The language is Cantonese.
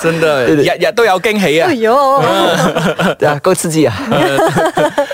真係，日日都有驚喜啊！哎喲、哦， 啊，夠刺激啊！